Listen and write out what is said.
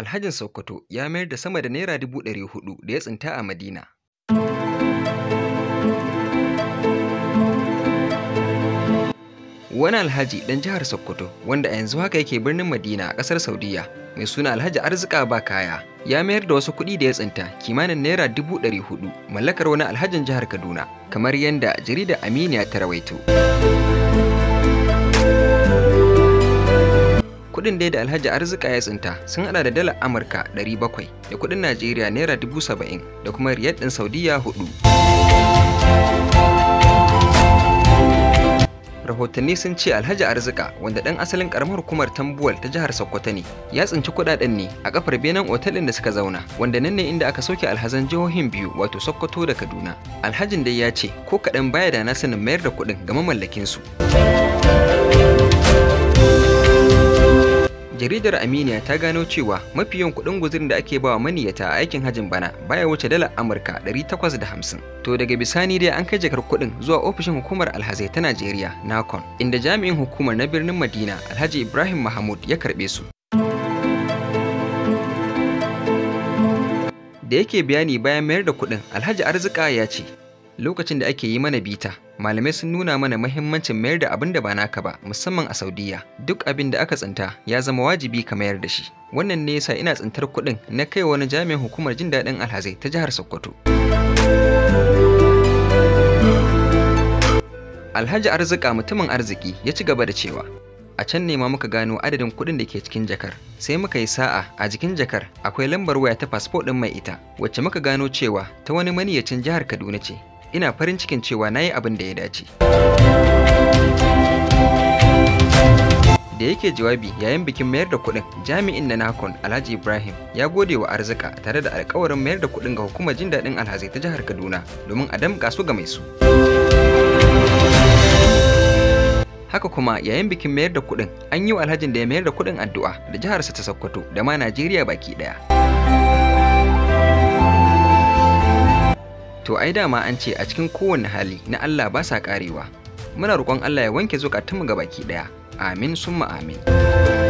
Alhajin Sokoto ya mayar da sama da Naira dubu ɗari hudu da ya tsinta a Madina. Wani alhaji ɗan jihar Sokoto wanda a yanzu haka yake birnin Madina a ƙasar Saudiya mai suna Alhaji Arzika ba kaya ya mayar da wasu kuɗi da ya tsinta kimanin naira dubu ɗari hudu mallakar wani alhajin jihar Kaduna kamar yadda jaridar Aminiya ta rawaito. Kuɗin dai da Alhaji Arzika ya tsinta sun hada da dalar Amurka 700 da kuɗin Najeriya naira 70,000 da kuma riyar ɗin Saudiya 4. rahotanni sun ce alhaji arzika wanda ɗan asalin karamar hukumar tambuwal ta jihar sokoto ne ya tsinci kuɗaɗen ne a kafar benen otal da suka zauna wanda nan ne inda aka soke alhazan jihohin biyu wato sokoto da kaduna alhajin dai ya ce ko kaɗan baya da na sanin mayar da kuɗin ga mamallakin su jaridar aminiya ta gano cewa mafi yawan kuɗin guzurin da ake bawa maniyyata a aikin hajin bana baya wuce dalar amurka 850 to daga bisani dai an kai jakar kuɗin zuwa ofishin hukumar alhazai ta najeriya nakon inda jami'in hukumar na birnin madina alhaji ibrahim mahmud ya karɓe su da yake bayani bayan mayar da kuɗin alhaji arzika ya ce lokacin da ake yi mana bita malamai sun nuna mana mahimmancin mayar da abin da ba naka ba musamman a saudiya duk abin da aka tsinta ya zama wajibi ka mayar da shi wannan ne yasa ina tsintar kuɗin na kai wani jami'in hukumar jin daɗin alhazai ta jihar sokoto alhaji arzika mutumin arziki ya ci gaba da cewa a can ne ma muka gano adadin kuɗin da ke cikin jakar sai muka yi sa'a a jikin jakar akwai lambar waya ta fasfo ɗin mai ita wacce muka gano cewa ta wani maniyacin jihar kaduna ce ina farin cikin cewa na yi abin da ya dace. da yake jawabi yayin bikin mayar da kuɗin jami'in na nakon alhaji ibrahim ya gode wa arzika tare da alkawarin mayar da kuɗin ga hukumar jin daɗin alhazai ta jihar kaduna domin a damƙa su ga mai su haka kuma yayin bikin mayar da kuɗin an yi wa alhajin da ya mayar da kuɗin addu'a da jiharsa ta sokoto da ma najeriya baki ɗaya To ai dama an ce a cikin kowane hali na Allah ba sa karewa. Muna roƙon Allah ya wanke zukatunmu ga baki ɗaya. Amin summa amin.